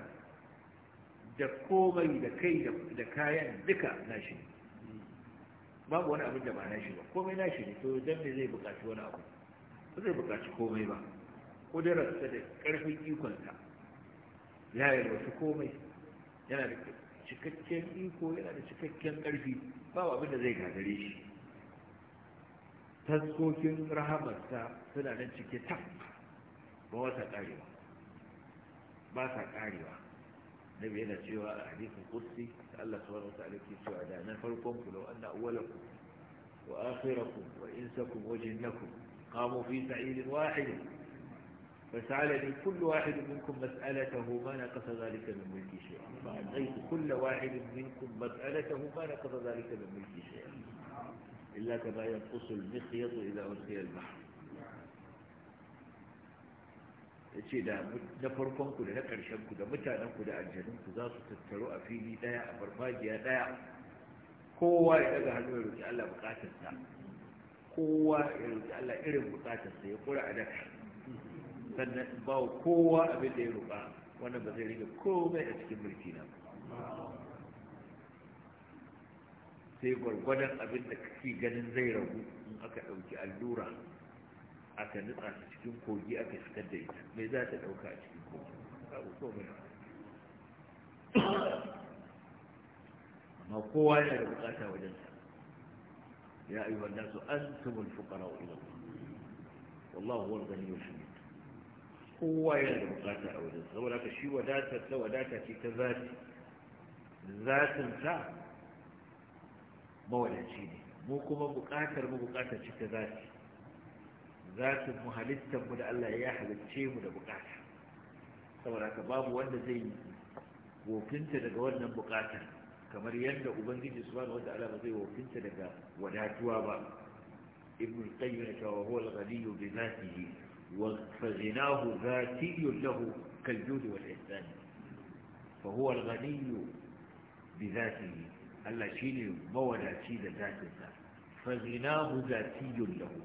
da komai da kai da kayan duka nashi babu wani abin da ba nashi ba komai nashi ne to don me zai buƙaci wani abu ba zai buƙaci komai ba ƙudurarsa da ƙarfin ikonsa ya yi wasu komai yana da cikakken iko yana da cikakken ƙarfi babu abin da zai gagare shi taskokin rahamarsa suna nan cike ta ba wata karewa ba sa karewa na yana cewa a hadisin kursi da Allah subhanahu wa ta'ala ke cewa da na farkon ku na anna awwalakum wa akhirakum wa insakum wa jinnakum qamu fi sa'idin wahid فسألني كل واحد منكم مسألته ما نقص ذلك من ملكي شيئا فأعطيت كل واحد منكم مسألته ما نقص ذلك من ملكي شيئا إلا كما ينقص المخيط إذا ألقي البحر yace da na farkon da na ƙarshen ku da mutanenku da aljanun ku za su tattaro a fili daya a farfajiya daya kowa ya daga hannu ya roki Allah bukatarsa kowa ya roki Allah irin bukatarsa ya kura a daka ba kowa abin da ya roƙa wannan ba zai rage komai a cikin mulki na ba sai gwargwadon abin da kake ganin zai ragu in aka ɗauki allura aka nutsa ta cikin kogi aka fitar da ita mai za ta ɗauka a cikin kogi abu so mai amma kowa yana da bukata wajen sa ya ayi wanda su an tumul wa ila wallahu huwal ghaniyul hamid kowa yana da bukata a wajen sa saboda ka shi wadatar ta wadata ce ta zati zatin ta mawadaci ne mu kuma buƙatar mu buƙatar ci ta zati zatin mu halittar mu da Allah ya halicce mu da buƙata saboda ka babu wanda zai wofinta daga wannan buƙatar kamar yadda ubangiji subhanahu wa ta'ala ba zai wofinta daga wadatuwa ba ibn al-qayyim ya ce huwa al-ghaniyyu bi dhatihi wa fazinahu dhatiyyun lahu kal-jud wal-ihsan fa huwa al-ghaniyyu bi dhatihi Allah shi ne mawadaci da zatinsa fazinahu zatiyun lahu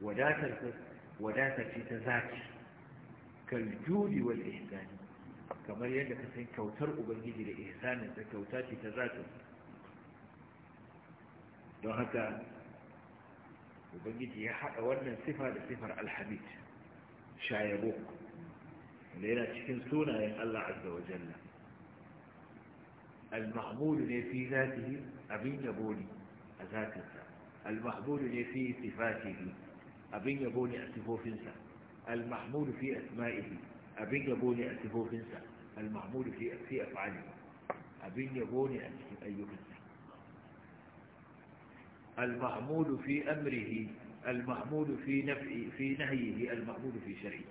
wadatarsa wadata ce ta zati kal judi wal ihsani kamar yadda ka san kyautar ubangiji da ihsanin sa kyauta ce ta zati don haka ubangiji ya haɗa wannan sifa da sifar alhamid shayabo da yana cikin sunayen Allah azza wa jalla المحمول في ذاته أبين يبوني أذاك إنسا المحمول في صفاته أبين يقولي أسفوف إنسا المحمول في أسمائه أبين يقولي أسفوف إنسا المحمول في أفعاله أبين يبوني يقولي أسفوف إنسا المحمول في أمره المحمول في نفع في نهيه المحمول في شرعه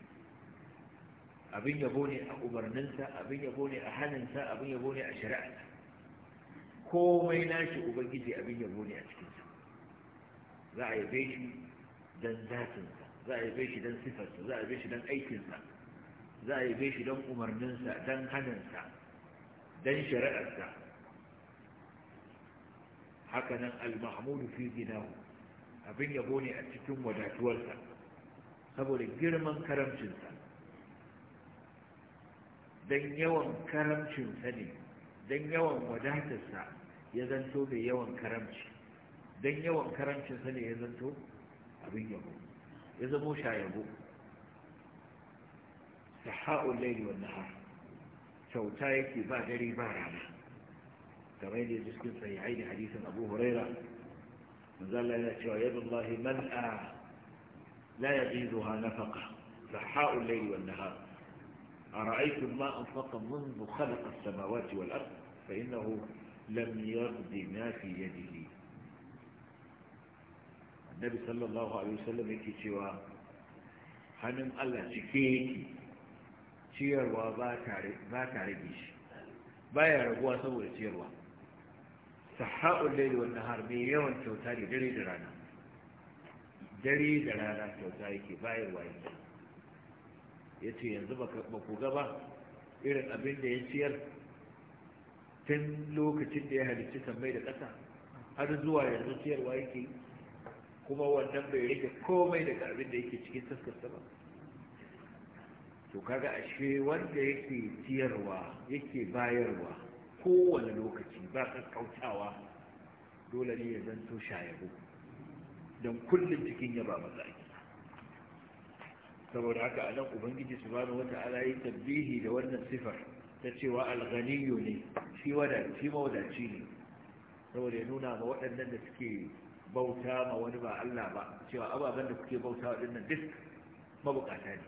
أبين يبوني أمر ننسى أبين يبوني أحد أبين يبوني أشرعنا komai nashi ubangiji abin yabo ne a cikinsa za a yabe shi don zatinsa za a yabe shi don sifarsa za a yabe shi don aikinsa za a yabe shi don umarninsa don hannunsa don shari'arsa haka nan al-mahmudu fi ginahu abin yabo ne a cikin wadatuwarsa saboda girman karamcinsa don yawan karamcinsa ne don yawan wadatarsa ya zanto mai yawan karamci don yawan karamcinsa ne ya zanto abin yabo ya zamo sha yabo saha'un laili wa nahar kyauta yake ba dare ba rana kamar yadda yake cikin sahihai da hadisin abu huraira manzo Allah yana cewa yadu Allah mal'a la yajiduha nafaqa saha'un laili wa nahar أرأيتم ما أنفق منذ خلق السماوات والأرض فإنه lam yardi ma fi yadihi annabi sallallahu alaihi wasallam yake cewa hannun Allah cike yake ciyarwa ba ta rage shi baya raguwa saboda ciyarwa saha'ul laili wan nahar mai yawan kyauta ne dare da rana dare da rana kyauta yake bayarwa yake yace yanzu ba ku ga ba irin abin da ya ciyar tun lokacin da ya halicci sammai da ƙasa har zuwa yanzu ciyarwa yake kuma wannan bai rage komai daga abin da yake cikin taskarsa ba to kaga ashe wanda yake ciyarwa yake bayarwa kowane lokaci ba kautawa dole ne ya zanto shayabu don kullum cikin yaba maza ake saboda haka a nan ubangiji su wata wata yi tabbihi da wannan sifar ta cewa alganiyu ne shi mawadaci ne saboda ya nuna ma waɗannan da suke bauta ma wani ba Allah ba cewa ababen da kuke bauta waɗannan disk mabukata ne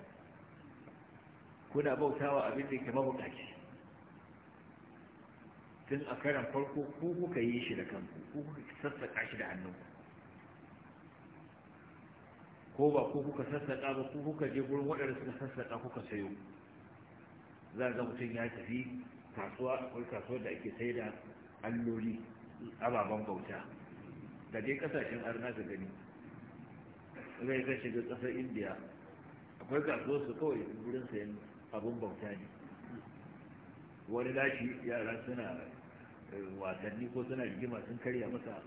kuna bauta wa abin da yake mabukaci tun a karan farko ku kuka yi shi da kanku ku kuka sassaka shi da hannunku ko ba ku kuka sassaka ba ku kuka je gurin waɗanda suka sassaka kuka sayo za zama mutum ya tafi kasuwa akwai kasuwa da ake sai da alloli ababen bauta da dai kasashen arna ga gani zai ka shiga kasar indiya akwai kasuwa su kawai wurin sayan abin bauta ne wani gashi yara suna eh, wasanni ko suna rigima sun karya masa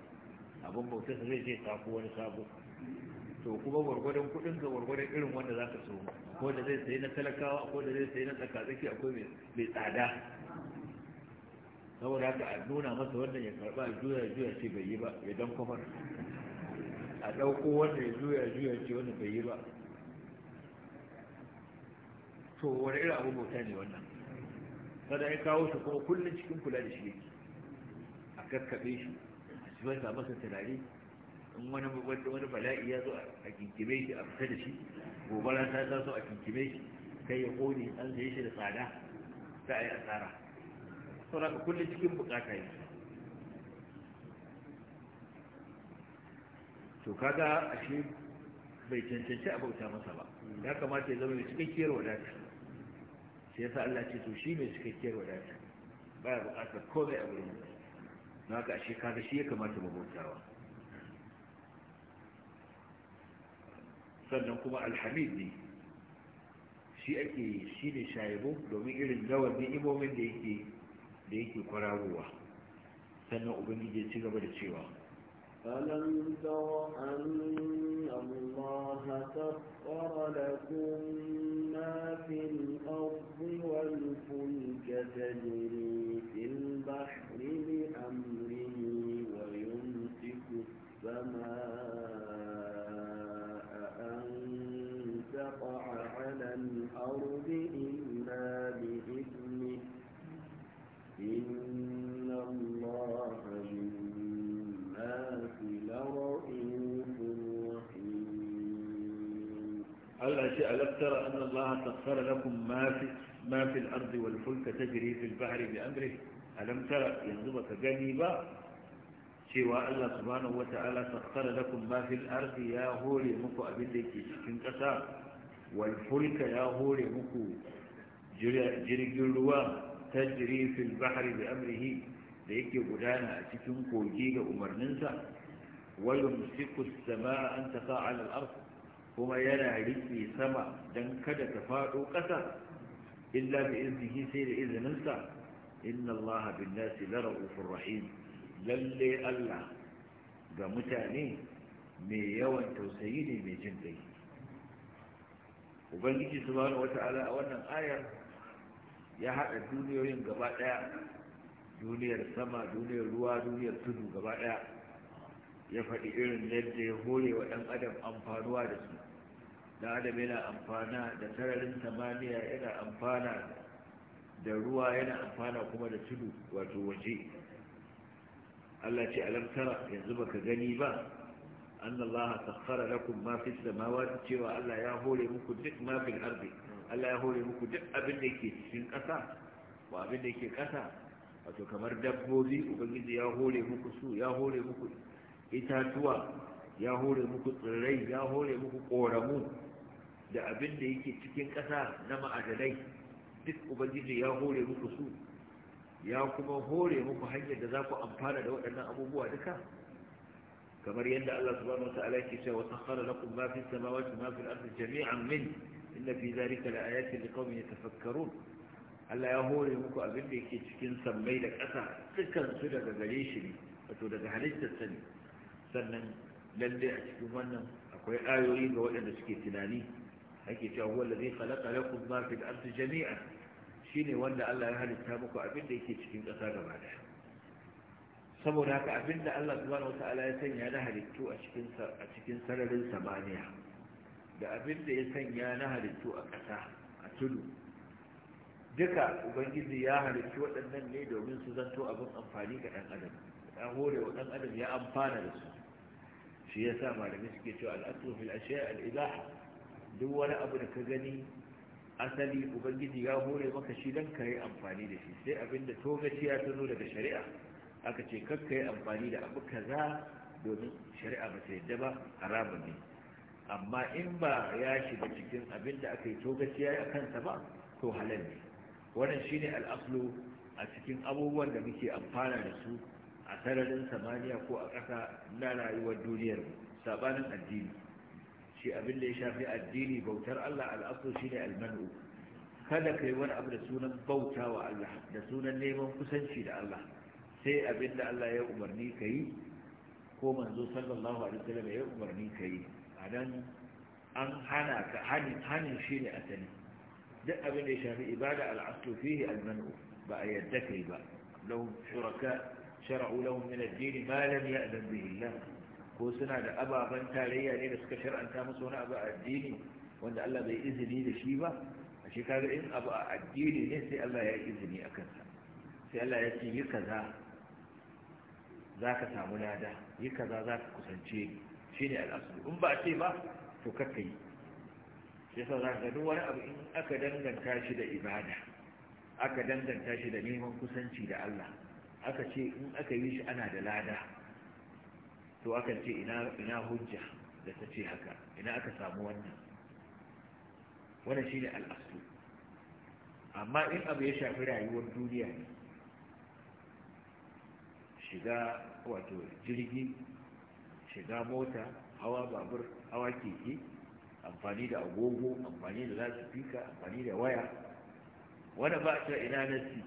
abin Bauta su zai je sako wani sabo to kuma gwargwadon kudin ga gwargwadon irin wanda za ka so ko da zai sayi na talakawa ko da zai sayi na tsakatsaki akwai mai tsada saboda haka a nuna masa wannan ya karba juya juya ce bai yi ba ya dan kwamar a ɗauko wannan ya juya juya ce wannan bai yi ba to wani irin abu bauta ne wannan kada ya kawo shi kuma kullum cikin kula da shi yake a kakkaɓe shi a cikin masa tunani wani wani bala'i ya zo a kinkime shi a fita da shi gobara ta taso a kinkime shi kai ya kone an zai shi da tsada ta a yi asara sauran ka kullum cikin bukata yi to kaga a shi bai cancanci a bauta masa ba ya kamata ya zama mai cikakkiyar wadata sai yasa Allah ce to shi mai cikakkiyar wadata baya bukatar komai a wurin na ka ashe kaga shi ya kamata mu bautawa sannan kuma alhamid ne shi ake shi ne shayibu domin irin gawar imomin da yake da yake kwararowa sannan ubangiji ya ci gaba da cewa ألم تر أن الله سخر لكم ما في الأرض والفلك تجري في البحر بأمره ويمسك السماء التي ألم ترى أن الله سخر لكم ما في, ما في الأرض والفلك تجري في البحر بأمره ألم ترى ينزبك جانبا سوى الله سبحانه وتعالى سخر لكم ما في الأرض يا هولي مكو أبدك كنكسا والفلك يا هولي مكو jirgin ruwa ta jirifin bahari da amrihi da yake gudana a cikin kogi ga umarninsa wayar musikus sama an tafa alal arku kuma yana riƙe sama don kada ta faɗo ƙasa illa bi iznihi sai da izininsa inna allaha bin nasi la ra'ufur rahim lalle allah ga mutane mai yawan tausayi ne mai jin dai ubangiji subhanahu wata'ala a wannan ayar ya haɗa duniyoyin gaba ɗaya duniyar sama duniyar ruwa duniyar tudu gaba ɗaya ya faɗi irin yadda ya hore wa ɗan adam amfanuwa da su da adam yana amfana da sararin samaniya yana amfana da ruwa yana amfana kuma da tudu wato waje Allah ce alam tara yanzu baka gani ba an Allah na lakum ma fi samawati cewa Allah ya hore muku duk ma fil ardi Allah ya hore muku duk abin da yake cikin ƙasa wa abin da yake ƙasa wato kamar dabbobi ubangiji ya hore muku su ya hore muku itatuwa ya hore muku tsirrai ya hore muku ƙoramu da abin da yake cikin ƙasa na ma'adanai duk ubangiji ya hore muku su ya kuma hore muku hanyar da za ku amfana da waɗannan abubuwa duka kamar yadda Allah subhanahu wa ta'ala yake cewa sakhara lakum ma fis samawati ma fil ardi jami'an min inna fi zalika la ayatin liqaumin yatafakkarun Allah ya hore muku abin da yake cikin sammai da ƙasa dukan su daga gare shi ne wato daga halittar sani sannan lalle a cikin wannan akwai ayoyi ga waɗanda suke tunani ake cewa huwa allazi khalaqa lakum ma fil ardi jami'an shine wanda Allah ya halitta muku abin da yake cikin ƙasa gaba daya saboda haka abin da Allah subhanahu ta'ala ya sanya na halittu a cikin a cikin sararin samaniya da abin da ya sanya na halittu a ƙasa a tudu duka ubangiji ya halitta waɗannan ne domin su zanto abin amfani ga ɗan adam ya hore wa ɗan adam ya amfana da su shi ya sa malamin suke cewa al'aslu fil ashiya al'ibaha duk wani abu da ka gani asali ubangiji ya hore maka shi don ka yi amfani da shi sai abinda togaci ya tuno daga shari'a aka ce kakka yi amfani da abu kaza domin shari'a ba sai yadda ba haramun ne amma in ba ya shiga cikin abin da aka yi yi a kansa ba to halal ne wannan shine al'aslu a cikin abubuwan da muke amfana da su a sararin samaniya ko a ƙasa na rayuwar duniyar sabanin addini shi abin da ya shafi addini bautar Allah al'asu shi ne almanu kada ka yi wani abu da sunan bauta wa Allah da sunan neman kusanci da Allah sai abin da Allah ya umarni ka yi ko manzo sallallahu alaihi wasallam ya umarni ka yi a nan an hana ka hanin shi ne asali duk abin da ya shafi ibada al'asu fihi almanu ba a yadda kai ba لهم شركاء shara'u lahum min ad-din ma lam ya'zan bihi Allah ko suna da ababen tarayya ne da suka shar'anta musu wani abu a addini wanda Allah bai izini da shi ba a shi kaga in abu a addini ne sai Allah ya izini a kansa sai Allah ya ce yi kaza za ka samu lada yi kaza za ka kusance shi ne al'asulu in ba a ce ba to kakka yi Sai sa za ka duk wani abu in aka danganta shi da ibada aka danganta shi da neman kusanci da Allah aka ce in aka yi shi ana da lada to akan ce ina hujja da ta ce haka ina aka samu wannan wannan shi ne al'asu amma in abu ya shafi rayuwar duniya ne shiga wato jirgi shiga mota hawa babur hawa keke amfani da agogo amfani da lasifika amfani da waya wanda ba ta ina nasi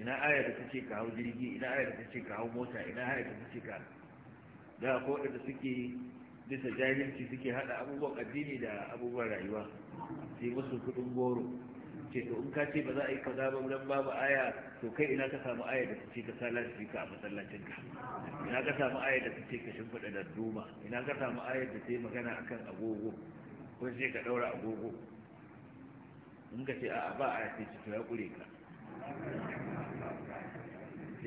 ina ayar da ta ce ka hau jirgi ina ayar da ta ce ka hau mota ina ayar da ta ce ka da ko da suke bisa jahilci suke hada abubuwan addini da abubuwan rayuwa sai musu kudin goro ce to in ka ce ba za a yi kaza ba dan babu aya to kai ina ka samu aya da kace ka sala shi ka a masallacin ka ina ka samu aya da kace ka shimfida da duma ina ka samu aya da sai magana akan agogo ko sai ka daura agogo in ka ce a ba aya sai to ya kure ka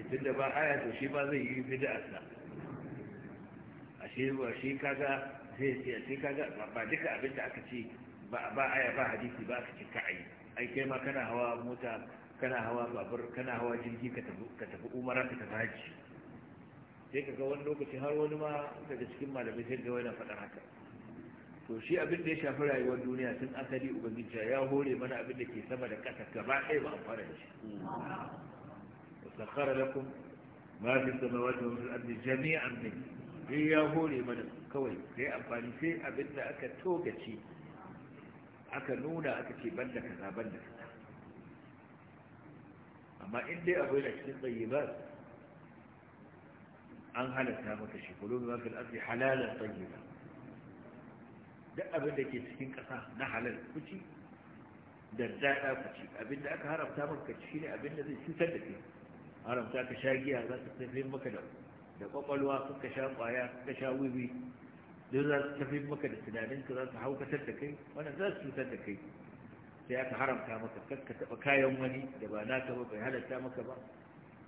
tun da ba aya to shi ba zai yi bida'arsa a shi ba shi kaga zai ce shi kaga ba duka abin da aka ce ba aya ba hadisi ba aka ce ka ai ai kai ma kana hawa mota kana hawa babur kana hawa jirgi ka tafi umara ka tafi haji sai ka ga wani lokaci har wani ma daga cikin malamai sai ga wani faɗar haka to shi abin da ya shafi rayuwar duniya tun asali ubangiji ya hore mana abin da ke sama da ƙasa gaba ɗaya ba amfana da shi sakhara lakum ma fi samawati wa fil ardi sai ya hore mana kawai sai amfani sai abin da aka togaci aka nuna aka ce banda kaza banda kaza amma in dai abu cikin an halatta maka shi kulun ma fil ardi halalan tayyiba duk abin da ke cikin kasa na halal kuci da dada kuci abin da aka haramta maka shi ne abin da zai cutar da kai haramta ka sha giya za ta tafi maka da da kwakwalwa ka sha kwaya ka sha wiwi don za su tafi maka da tunaninka za su haukatar da kai wannan za su cutar da kai sai aka haramta maka kakka taba kayan wani da ba naka ba bai halatta maka ba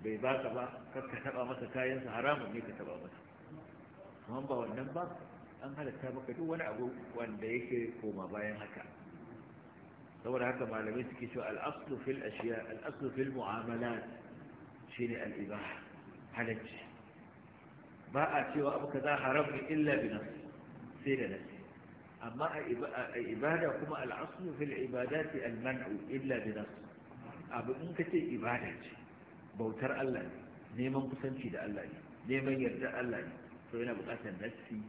bai ba ka ba kakka taba masa kayan sa haramun ne ka taba masa amma ba wannan ba an halatta maka duk wani abu wanda yake koma bayan haka saboda haka malamai suke cewa al-aslu fil ashiya al-aslu fil mu'amalat shi ne al'iba halacci ba a cewa abu ka za a ne illa bi sai da nafsi amma a ibada kuma al'asu fil ibada ce manu illa bi abu in ka ce ibada ce bautar Allah ne neman kusanci da Allah ne neman yarda Allah ne to yana buƙatar nasi.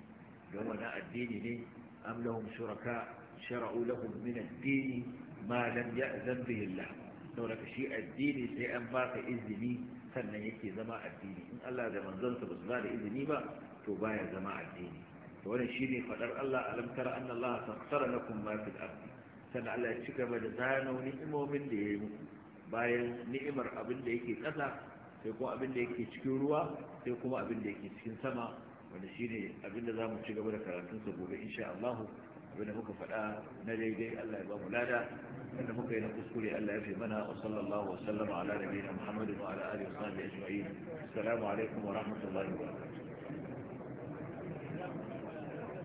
don wani addini ne am lahum shuraka shara'u lahum min ad-din ma lam ya'zan bihi Allah saboda shi addini sai an baka izini nan yake zama addini in Allah da manzansa ba su ba da izini ba to baya zama addini to wannan shine fadar Allah alam tara anna Allah sakhara lakum ma fil ardi Allah ya cika da wani imomin da yayi muku bayan ni'imar abin da yake kasa sai kuma abin da yake cikin ruwa sai kuma abin da yake cikin sama wanda shine abin da zamu ci gaba da karatun sa gobe insha Allah abinda muka faɗa na daidai Allah ya ba mu lada inda muka yi na kuskure Allah ya fi mana wa sallallahu wa sallama ala nabiyina muhammadu wa ala alihi wa sahbihi ajma'in assalamu alaikum wa rahmatullahi wa barakatuh